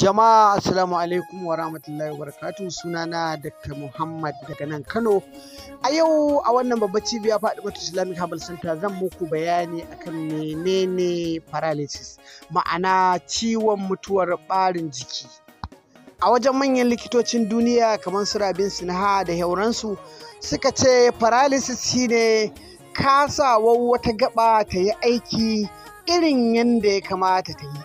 Jama'a Assalamu alaikum wa rahmatullahi wa barakatuhu sunana Dr. Muhammad daga nan Kano. A yau a wannan babbar cibiya Fadimatu Islamic Herbal Center zan muku bayani akan menene paralysis ma'ana ciwon mutuwar ɓarin jiki. A wajen manyan likitocin duniya kamar su Rabin Sinha da hauransu suka ce paralysis shine kasawar wata gaba ta yi aiki irin yadda ya kamata ta yi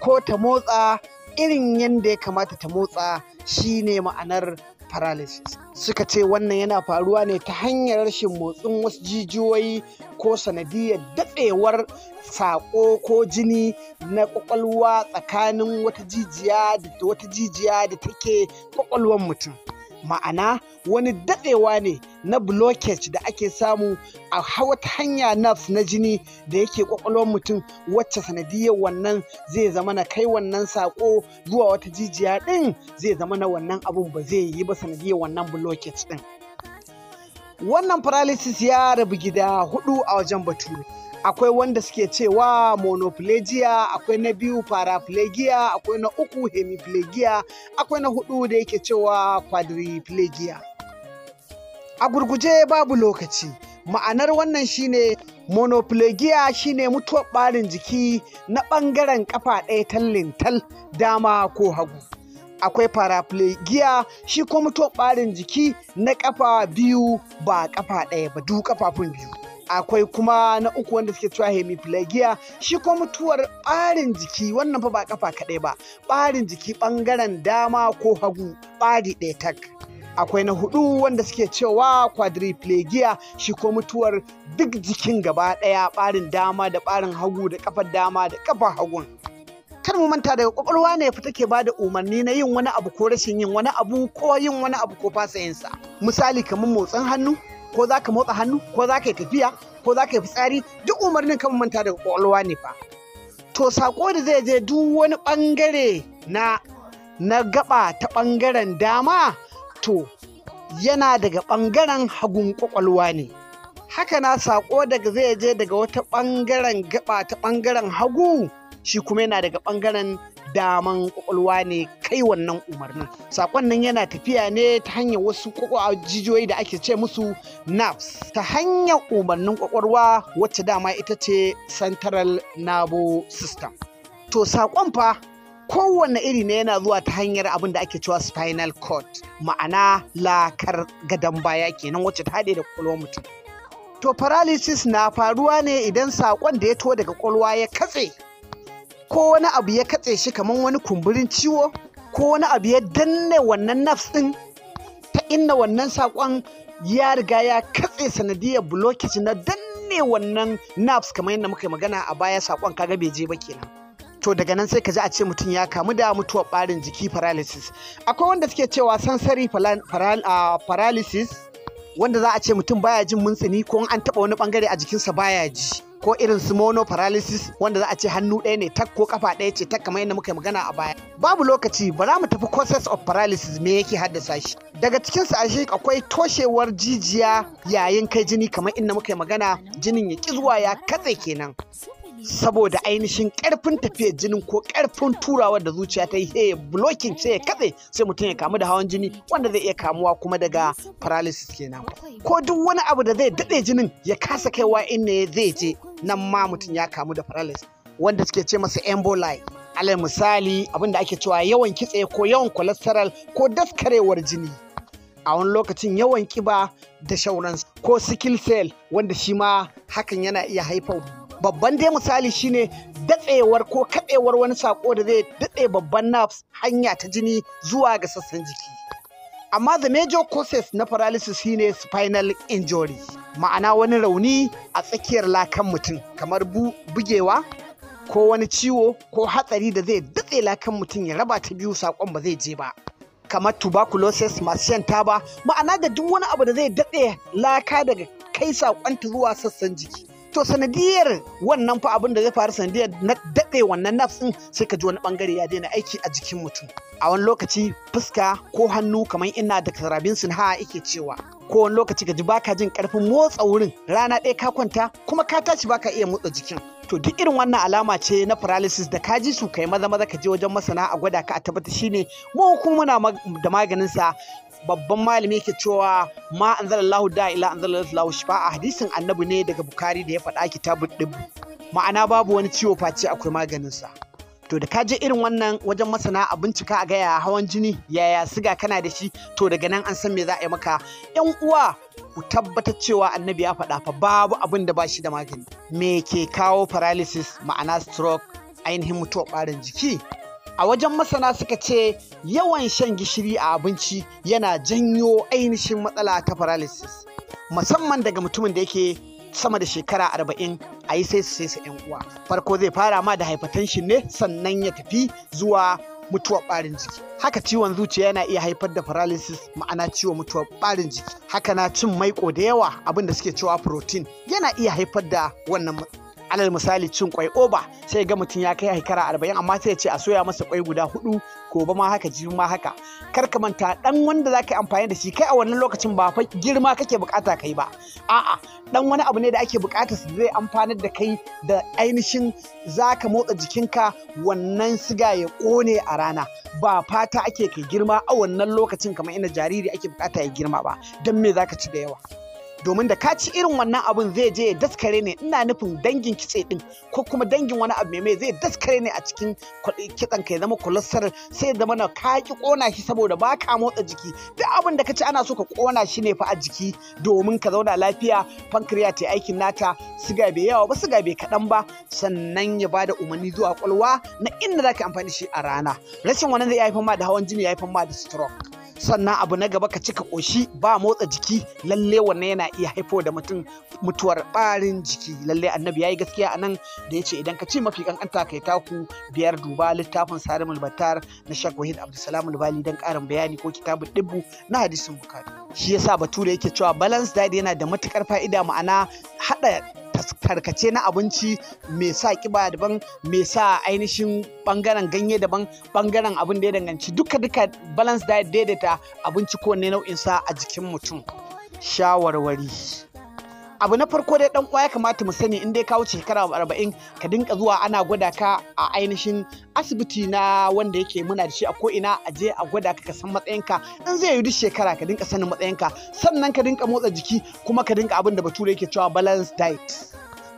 ko ta motsa irin yadda ya kamata ta motsa shi ne ma'anar paralysis suka ce wannan yana faruwa ne ta hanyar rashin motsin wasu jijiyoyi ko sanadiyar datsewar saƙo ko jini na ƙwaƙwalwa tsakanin wata jijiya da wata jijiya da take ƙwaƙwalwar mutum ma'ana wani dadewa ne na blockage da ake samu a wata hanya nerves na jini da yake kwakwalwar mutum wacce sanadiyar wannan zai zama na kai wannan sako zuwa wata jijiya din zai zama na wannan abun ba zai yi ba sanadiyar wannan blockage din wannan paralysis ya rabu gida hudu a wajen bature akwai wanda suke cewa monoplegia akwai na biyu paraplegia akwai na uku hemiplegia akwai na hudu da yake cewa quadriplegia A gurguje babu lokaci, ma'anar wannan shine monoplegia shine mutuwar ɓarin jiki na ɓangaren ƙafa ɗaya tallintal dama ko hagu. Akwai paraplegia shi ko mutuwar ɓarin jiki na ƙafa biyu ba ƙafa ɗaya ba, duk ƙafafun biyu. akwai kuma na uku wanda suke cewa hemiplegia shi ko mutuwar ɓarin jiki wannan fa ba kafa kaɗai ba ɓarin jiki ɓangaren dama ko hagu ɓari ɗaya tak akwai na hudu wanda suke cewa quadriplegia shi ko mutuwar duk jikin gaba ɗaya barin dama da ɓarin hagu da ƙafar dama da ƙafar hagun kar mu manta daga kwakwalwa ne fa take bada umarni na yin wani abu ko rashin yin wani abu ko yin wani abu ko fasa yin sa misali kamar motsin hannu ko za motsa hannu ko za yi tafiya ko za yi fitsari duk umarnin kan manta daga kwakwalwa ne fa to sako da zai je duk wani bangare na na gaba ta bangaren dama wato yana daga ɓangaren hagun ƙwaƙwalwa ne. Haka na saƙo daga zai je daga wata ɓangaren gaba ta ɓangaren hagu shi kuma yana daga ɓangaren daman ƙwaƙwalwa ne kai wannan umarnin. Saƙon nan yana tafiya ne ta hanyar wasu jijiyoyi da ake ce musu nerves ta hanyar umarnin ƙwaƙwalwa wacce dama ita ce central nervous system. To saƙon fa kowanne iri ne yana zuwa ta hanyar abin da ake cewa spinal cord ma'ana lakar gadon baya kenan wacce ta haɗe da kwakwalwar mutum to paralysis na faruwa ne idan saƙon da ya to daga kwakwalwa ya katse ko wani abu ya katse shi kamar wani kumburin ciwo ko wani abu ya danne wannan nafs ɗin ta inna wannan saƙon ya riga ya katse sanadiyar blockage na danne wannan nafs kamar yadda muka yi magana a baya saƙon kaga bai je ba kenan to daga nan sai ka ji a ce mutum ya kamu da mutuwar ɓarin jiki paralysis akwai wanda suke cewa sansari paralysis wanda za a ce mutum baya jin muntsini ko an taɓa wani ɓangare a jikinsa baya ji ko irin su mono paralysis wanda za a ce hannu ɗaya ne tak ko kafa ɗaya ce tak kamar yadda muka yi magana a baya babu lokaci ba za mu tafi causes of paralysis me yake haddasa shi daga cikin su ashe akwai toshewar jijiya yayin kai jini kamar inda muka yi magana jinin ya ki zuwa ya katse kenan saboda ainihin karfin tafiyar jinin ko karfin turawa da zuciya ta yi hey, blocking sai ya katse sai mutum ya kamu da hawan jini wanda zai iya kamuwa kuma daga paralysis kenan ko duk wani abu da zai daɗe jinin ya kasa kaiwa inda zai je nan ma mutum ya kamu da paralysis wanda suke ce masa emboli alal misali abin da ake cewa yawan kitse ko yawan cholesterol ko daskarewar jini a wani lokacin yawan kiba da shauransu ko sickle cell wanda shi ma hakan yana iya haifar babban dai misali shine datsewar ko kaɗewar wani sako da zai datse babban nerves hanya ta jini zuwa ga sassan jiki amma the major causes na paralysis shine spinal injury ma'ana wani rauni a tsakiyar lakan mutum kamar bugewa ko wani ciwo ko hatsari da zai datse lakan mutum ya raba ta biyu sakon ba zai je ba kamar tuberculosis masu shan taba ma'ana da duk wani abu da zai datse laka daga kai sakonta zuwa sassan jiki to sanadiyar wannan fa abin da zai faru sanadiyar na daɗe wannan nafs sai ka ji wani ɓangare ya daina aiki a jikin mutum a wani lokaci fuska ko hannu kamar ina da karabin sun ha cewa ko wani lokaci ka ji baka jin ƙarfin motsa wurin rana ɗaya ka kwanta kuma ka tashi baka iya motsa jikin to duk irin wannan alama ce na paralysis da ka ji su kai maza maza ka je wajen masana a gwada ka a tabbata shine mu kuma muna da maganin sa babban malami yake cewa ma anzalallahu da ila anzalallahu a hadisin annabi ne daga bukari da ya faɗa kitabun ɗin ma'ana babu wani ciwo face akwai maganin sa. to da kaje irin wannan wajen masana a bincika a gaya hawan jini yaya siga kana da shi to daga nan an san me za a yi maka yan uwa ku tabbatar cewa annabi ya faɗa fa babu abin da ba shi da magani me ke kawo paralysis ma'ana stroke ainihin mutuwar ɓarin jiki a wajen masana suka ce yawan shan gishiri a abinci yana janyo ainihin matsala ta paralysis musamman daga mutumin da yake sama da shekara arba'in a yi sai su sai yan uwa farko zai fara ma da hypertension ne sannan ya tafi zuwa mutuwar ɓarin jiki haka ciwon zuciya yana iya haifar da paralysis ma'ana ciwon mutuwar barin jiki haka na cin maiko da yawa abinda suke cewa protein yana iya haifar da wannan alal misali cin kwai oba sai ga mutum ya kai haikara arba'in amma sai ya ce a soya masa kwai guda hudu ba ma haka jibi ma haka kar ka manta dan wanda za ka yi amfani da shi kai a wannan lokacin ba fa girma kake bukata kai ba a'a dan wani abu ne da ake bukata su zai amfanar da kai da ainihin zaka motsa jikinka wannan siga ya kone a rana ba fata ake kai girma a wannan lokacin kamar ina jariri ake bukata ya girma ba dan me zaka ci da yawa domin da ka ci irin wannan abin zai je daskare ne ina nufin dangin kitse din ko kuma dangin wani abu mai zai daskare ne a cikin kitsen ka ya zama cholesterol sai zama na ka ki kona shi saboda ba ka motsa jiki duk abin da ka ci ana so ka kona shi ne fa a jiki domin ka zauna lafiya pancreas ta aikin nata siga bai yawa ba siga bai kaɗan ba sannan ya bada umarni zuwa kwalwa na inda za ka amfani shi a rana rashin wannan zai haifar ma da hawan jini ya haifar ma da stroke sannan abu na gaba ka cika ƙoshi ba motsa jiki lalle wannan yana iya haifo da mutum mutuwar ɓarin jiki lalle annabi ya yi gaskiya a nan da ya ce idan ka ci mafi kankanta kai taku biyar duba littafin sarim albattar na shak wahid abdulsalam albali don ƙarin bayani ko kitabun ɗibbu na hadisin bukari shi yasa bature yake cewa balance diet yana da matukar fa'ida ma'ana haɗa tarkace na abinci mai sa kiba daban mai sa ainihin bangaren ganye daban bangaren abin da ya danganci duka duka balance diet daidaita abinci ko ne nau'in a jikin mutum shawarwari abu na farko dai dan ya kamata mu sani in dai ka wuce shekara arba'in ka dinka zuwa ana gwada ka a ainihin asibiti na wanda yake muna da shi a ko ina a je a gwada ka ka san matsayinka in zai yi duk shekara ka dinka sanin matsayinka sannan ka dinka motsa jiki kuma ka dinka abin da bature yake cewa balance diet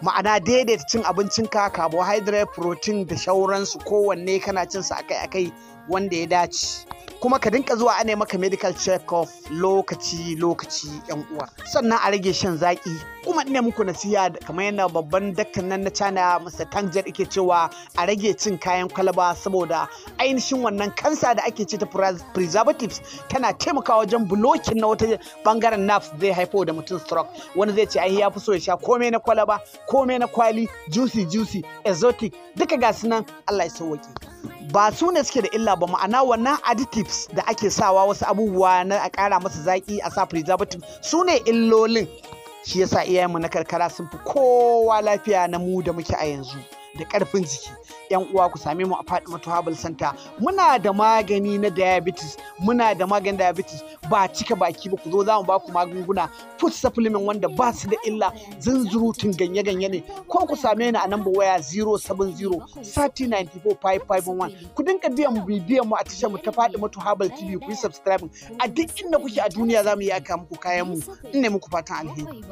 ma'ana daidaita cin abincin ka carbohydrate protein da shauransu kowanne kana cin su akai-akai wanda ya dace kuma ka dinka zuwa ana maka medical check-up lokaci-lokaci yan uwa sannan a rage shan zaki kuma ina muku nasiha kamar yana babban dakkan nan na China Mr. Tangjar yake cewa a rage cin kayan kwalaba saboda ainihin wannan kansa da ake ce ta preservatives tana taimakawa wajen blocking na wata bangaren nerves zai haifo da mutum stroke wani zai ce ai ya fi so ya sha komai na kwalaba komai na kwali juicy juicy exotic duka gasu nan Allah ya sauwake ba su ne suke da illa ba ma'ana wannan additives da ake sawa wasu abubuwa na a ƙara masa zaƙi a sa preservative su ne illolin shi yasa iyayenmu na karkara sun fi kowa lafiya na mu da muke a yanzu. da ƙarfin jiki yan uwa ku same mu a Fatimatu Herbal santa muna da magani na diabetes muna da maganin diabetes ba cika baki ba ku zo za mu ba ku magunguna food supplement wanda ba su da illa zunzurutun ganye-ganye ne ko ku same ni a number waya 070 3094 ku dinka biyan mu biyan mu a tashar mu ta Fatimatu Herbal TV ku yi subscribing a duk inda kuke a duniya za mu yi aka muku kayan mu ne muku fatan alheri